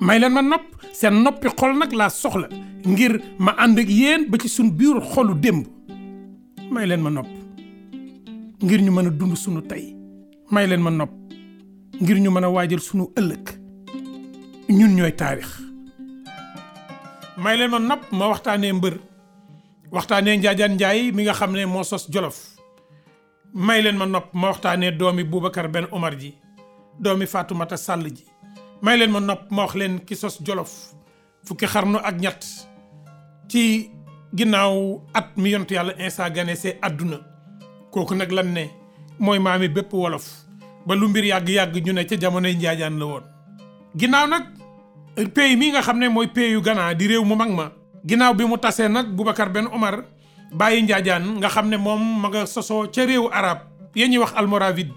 may leen ma nopp seen noppi xol nag laa soxla ngir ma ànd ak yéen ba ci suñ biir xolu démb may leen ma nopp ngir ñu mën a dund suñu tey may leen ma nopp ngir ñu mën a waajal suñu ëllëg ñun ñooy taarix may leen ma nopp ma waxtaanee mbër waxtaanee Njaajaan Njaay mi nga xam ne moo sos Jolof may leen ma nopp ma waxtaanee doomi Boubacar Ben Omar ji doomi Fatoumata Sàll ji may leen ma nopp ma wax leen ki sos jolof fukki xarnu ak ñett ci ginnaaw at mi yontu yàlla Isaa gane àdduna kooku nag lan ne mooy maami bépp wolof ba lu mbir yàgg-yàgg ñu ne ca jamonoy njaajaan la woon ginnaaw nag pays mi nga xam ne mooy pays yu Gana di réew mu mag ma ginnaaw bi mu tasee nag Boubacar benn Omar bàyyi njaajaan nga xam ne moom ma nga sosoo ca réewu arab ya ñuy wax almoravide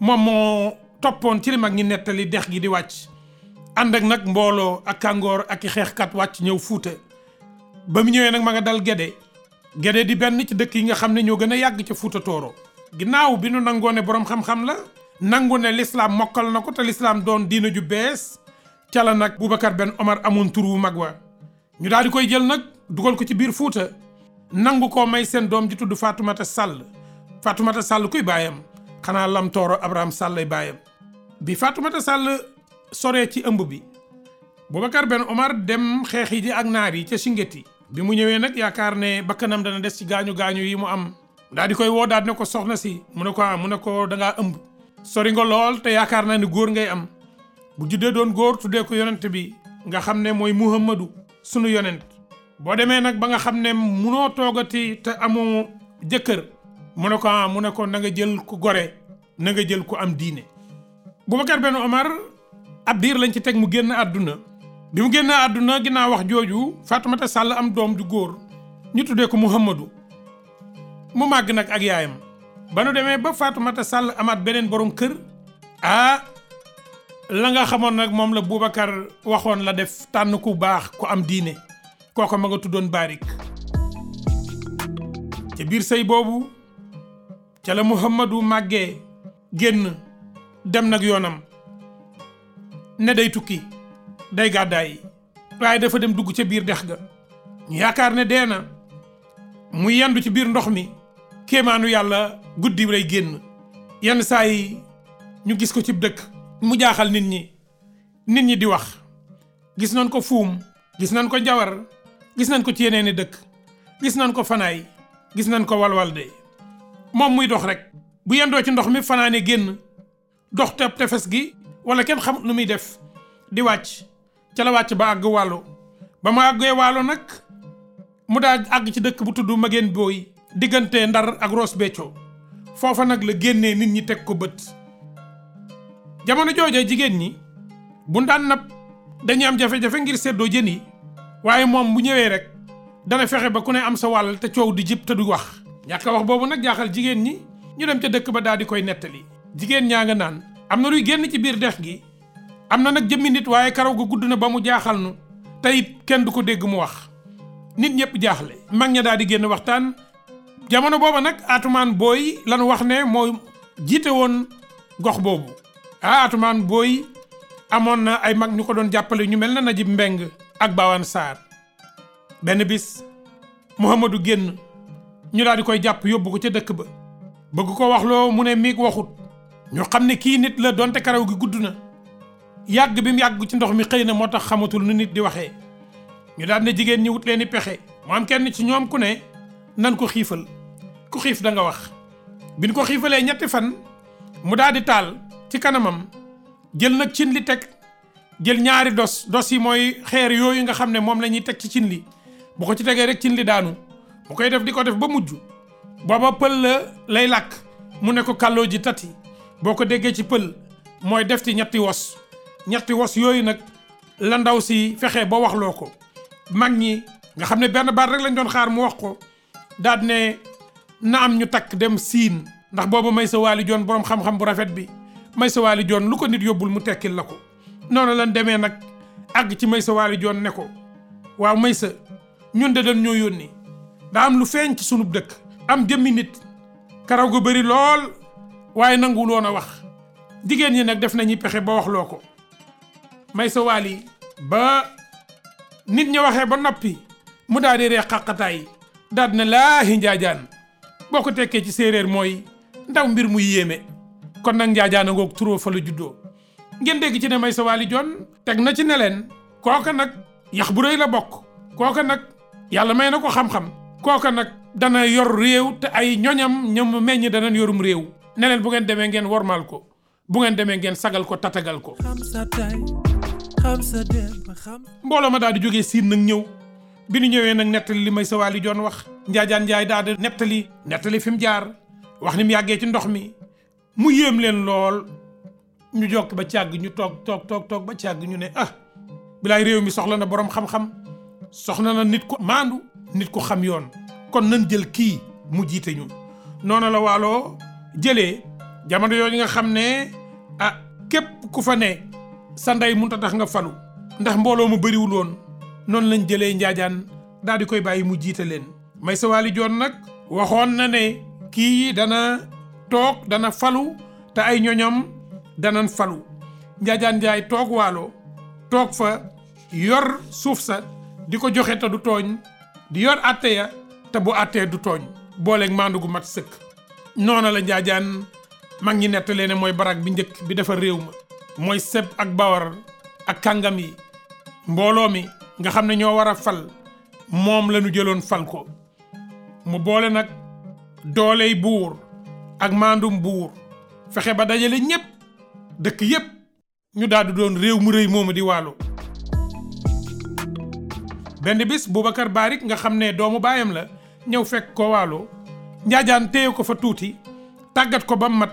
moom moo toppoon ci li mag ñi nettali dex gi di wàcc ànd ak nag mbooloo ak kàngoor ak i xeexkat wàcc ñëw fuuta ba mu ñëwee nag ma nga dal Gede Gede di benn ci dëkk yi nga xam ne ñoo gën a yàgg ca Fuuta Tooro ginnaaw bi nu nangoo ne boroom xam-xam la nangu ne lislaam mokkal na ko te lislaam doon diina ju bees ca la nag Boubacar benn Omar amoon tur wu mag wa ñu daal di koy jël nag dugal ko ci biir Fuuta nangu ko may seen doom ji tudd Fatoumata sàll Fatoumata Sall kuy baayam xanaa Lam Tooro Abraham Sall lay baayam bi Fatoumata sàll sore ci ëmb bi Boubacar Ben Omar dem xeexi ji ak naar yi ca Singeti bi mu ñëwee nag yaakaar ne bakkanam dana des ci gaañu gaañu yi mu am daal di koy woo daal ne ko soxna si mu ne ko ah, mu ne ko dangaa ëmb sori nga lool te yaakaar naa ne góor ngay am bu juddee doon góor tuddee ko yonent bi nga xam ne mooy Muhammadu sunu yonent boo demee nag ba nga xam ne munoo toogati te amoo jëkkër mu ne ko ah, mu ne ko na nga jël ku gore na nga jël ku am diine Boubacar Ben Omar ab diir lañ ci teg mu génn àdduna bi mu génn àdduna ginnaaw wax jooju Fatoumata sàll am doom du góor ñu tuddee ko Mouhamadou mu màgg nag ak yaayam ba nu demee ba Fatoumata sàll amaat beneen borom kër ah la nga xamoon nag moom la Boubacar waxoon la def tànn ku baax ku am diine kooko ma nga tuddoon Barik ca biir sëy boobu ca la Mouhamadou màggee génn dem nag yoonam ne day tukki day gàddaay waaye dafa dem dugg ca biir dex ga ñu yaakaar ne dee na mu yendu ci biir ndox mi kéemaanu yàlla guddi lay génn yenn saa yi ñu gis ko cib dëkk mu jaaxal nit ñi nit ñi di wax gis nañ ko fuum gis nañ ko jawar gis nañ ko ci yeneeni dëkk gis nañ ko fanaay gis nañ ko walwal de moom muy dox rek bu yendoo ci ndox mi fanaane génn dox te tefes gi wala kenn xamut nu muy def di wàcc ca la wàcc ba àgg wàllo ba mu àggee wàllo nag mu daa àgg ci dëkk bu tudd Mageen Booy diggante Ndar ak Ross Béthio foofa nag la génnee nit ñi teg ko bët jamono jooja jigéen ñi bu daan napp dañuy am jafe-jafe ngir seddoo jën yi waaye moom bu ñëwee rek dana fexe ba ku ne am sa wàll te coow di jib te du wax ñàkk wax boobu nag jaaxal jigéen ñi ñu dem ca dëkk ba daal di koy nettali jigéen ñaa nga naan am na luy génn ci biir dex gi am na nag jëmmi nit waaye karaw ga gudd na ba mu jaaxal nu tey kenn du ko dégg mu wax nit ñëpp jaaxle mag ña daal di génn waxtaan jamono booba nag Atumaan Booy lanu wax ne moo jiite woon gox boobu ah Atumaan Booy amoon na ay mag ñu ko doon jàppale ñu mel na Najib Mbeng ak Bawaan Saar benn bis mu Muhammadu génn ñu daal di koy jàpp yóbbu ko ca dëkk ba bëgg ko waxloo mu ne miig waxut ñu xam ne kii nit la donte karaw gi gudd na yàgg bi mu yàgg ci ndox mi xëy na moo tax xamatul nu nit di waxee ñu daan ne jigéen ñi wut leen i pexe mu am kenn ci ñoom ku ne nan ko xiifal ku xiif da nga wax biñ ko xiifalee ñetti fan mu daal di taal ci kanamam jël nag cin li teg jël ñaari dos dos yi mooy xeer yooyu nga xam ne moom la ñuy teg ci cin li bu ko ci tegee rek cin li daanu mu koy def di ko def ba mujj booba pël lay làkk mu ne ko kàlloo ji tati boo ko déggee ci pël mooy def ci ñetti wos ñetti wos yooyu nag la ndaw si fexe ba waxloo ko mag ñi nga xam ne benn baat rek lañ doon xaar mu wax ko daal ne na am ñu takk dem siin ndax booba may sa waali joon boroom xam-xam bu rafet bi may sa waali joon lu ko nit yóbbul mu tekkil la ko noonu lan demee nag àgg ci may sa waali joon ne ko waaw may sa ñun de dañ ñoo yónni daa am lu feeñ ci sunub dëkk am jëmmi nit karaw gu bëri lool waaye nanguwul woon a wax jigéen ñi nag def nañu pexe ba wax loo ko may sa waali ba nit ña waxee ba noppi mu daal di reex xaqataay daal di na laahi njaajaan boo ko tekkee ci séeréer mooy ndaw mbir muy yéeme kon nag njaajaan a ngoog turoo fa la juddoo ngeen dégg ci ne may sa jon teg na ci ne leen kooka nag yax bu rëy la bokk kooka nag yàlla may na ko xam-xam kooka nag dana yor réew te ay ñoñam ñoom meññ dana yorum réew ne leen bu ngeen demee ngeen wormaal ko bu ngeen demee ngeen sagal ko tatagal ko. mbooloo ma daal di jógee siin nag ñëw bi nu ñëwee nag nettali li may sa joon wax. njaajaan njaay daal di nettali. nettali fi mu jaar wax ni mu yàggee ci ndox mi mu yéem leen lool ñu jokk ba càgg ñu toog toog toog toog ba càgg ñu ne ah bilaay réew mi soxla na boroom xam-xam soxla na nit ko maandu. nit ku xam yoon kon nan jël kii mu jiite ñu noonu la waaloo. jëlee jamono yooyu nga xam ne ah képp ku fa ne sa ndey mënut a tax nga falu ndax mbooloo mu bëriwul woon noonu lañ jëlee njaajaan daal di koy bàyyi mu jiite leen may sa waali joon nag waxoon na ne kii dana toog dana falu te ay ñoñom danan falu njaajaan njaay toog waalo toog fa yor suuf sa di ko joxe te du tooñ di yor àtte ya te bu àttee du tooñ booleeg maandu gu mat sëkk noona la njaajaan mag ñi nettalee ne mooy barak bi njëkk bi defar réew ma mooy seb ak bawar ak kàngam yi mbooloo mi nga xam ne ñoo war a fal moom la ñu jëloon fal ko mu boole nag dooley buur ak maandum buur fexe ba dajale ñépp dëkk yépp ñu daal di doon réew mu réy moomu di waalo benn bis Boubacar Barik nga xam ne doomu baayam la ñëw fekk ko waalo njaajaan téye ko fa tuuti tàggat ko ba mu mat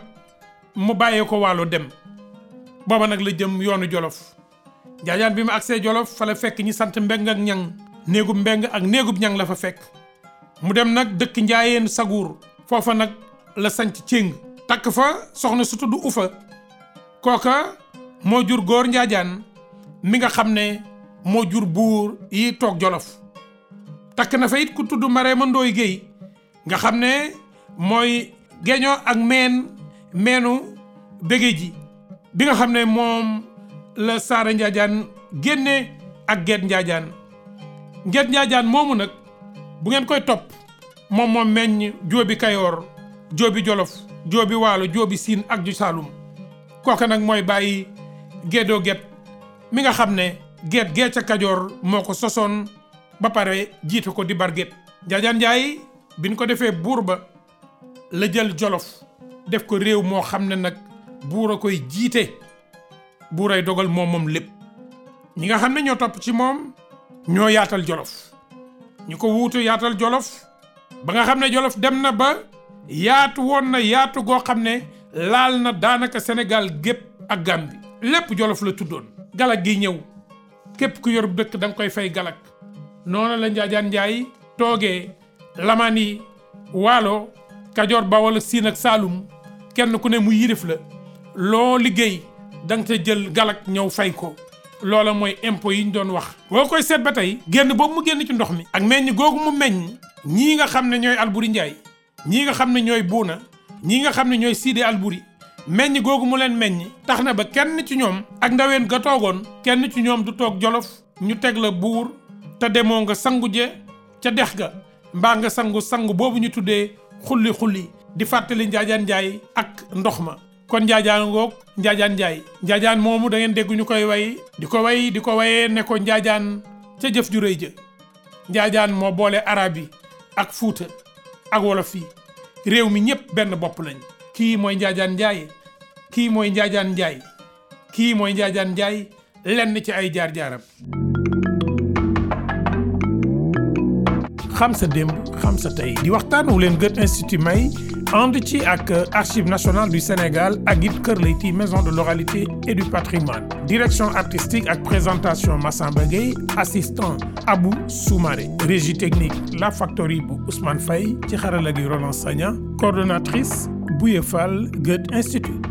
mu bàyyee ko waalo dem booba nag la jëm yoonu jolof jaajaan bi mu agsee jolof fa la fekk ñi sant mbeng ak ñang néegub mbeng ak néegub ñang la fa fekk mu dem nag dëkk njaayeen saguur foofa nag la sanc céng takk fa soxna su tudd ufa kooka moo jur góor njaajaan mi nga xam ne moo jur buur yi toog jolof takk na fa it ku tudd Mareema Ndooy Géy nga xam ne mooy geñoo ak meen meenu bége ji bi nga xam ne moom la Saara Njaajaan génne ak Geet Njaajaan Geet Njaajaan moomu nag bu ngeen koy topp moom moom meññ jóobi Kayoor jóobi Jolof jóobi Waalo jóobi Siin ak ju Saalum kooka nag mooy bàyyi Gédoo get mi nga xam ne Geet gee ca Kajoor moo ko sosoon ba pare jiitu ko di bar Geet Njaajaan Njaay biñ ko defee buur ba la jël jolof def ko réew moo xam ne nag buur a koy jiite buur ay dogal moom moom lépp ñi nga xam ne ñoo topp ci moom ñoo yaatal jolof ñu ko wuutu yaatal jolof ba nga xam ne jolof dem na ba yaatu woon na yaatu goo xam ne laal na daanaka Sénégal gépp ak Gàmbi lépp jolof la tuddoon galak gi ñëw képp ku yor dëkk da nga koy fay galak noonu la Njaajaan Njaay toogee lamaan yi waalo kajoor bawol siin ak saalum kenn ku ne mu yirif la loo liggéey danga te jël galak ñëw fay ko loola mooy impôt yi ñu doon wax woo koy seet ba tey génn boobu mu génn ci ndox mi ak meññ googu mu meññ ñii nga xam ne ñooy Alburi Njaay ñii nga xam ne ñooy Buuna ñii nga xam ne ñooy Siidi Alburi meññ googu mu leen meññ tax na ba kenn ci ñoom ak ndaween ga toogoon kenn ci ñoom du toog jolof ñu teg la buur te demoo nga sangu je ca dex ga mbaa nga sangu sangu boobu ñu tuddee xulli xulli di fàttali njaajaan njaay ak ndox ma kon njaajaan ngoog njaajaan njaay njaajaan moomu da ngeen ñu koy way di ko way di ko wayee ne ko njaajaan ca jëf ju ja njaajaan moo boole arab yi ak fuuta ak wolof yi réew mi ñëpp benn bopp lañ kii mooy njaajaan njaay kii mooy njaajaan njaay kii mooy njaajaan njaay lenn ci ay jaar-jaaram xam sa démb sa tey di waxtaan wu leen Goethe Institut may ànd ci ak Archives nationales du Sénégal ak it Kër Leyti maison de l'oralité et du patrimoine direction artistique ak présentation Massamba Gueye assistant Abou Soumaré régie technique La Factory bu Ousmane Faye ci xarala gi Roland Sagna coordonnatrice Bouye Fall Goethe Institut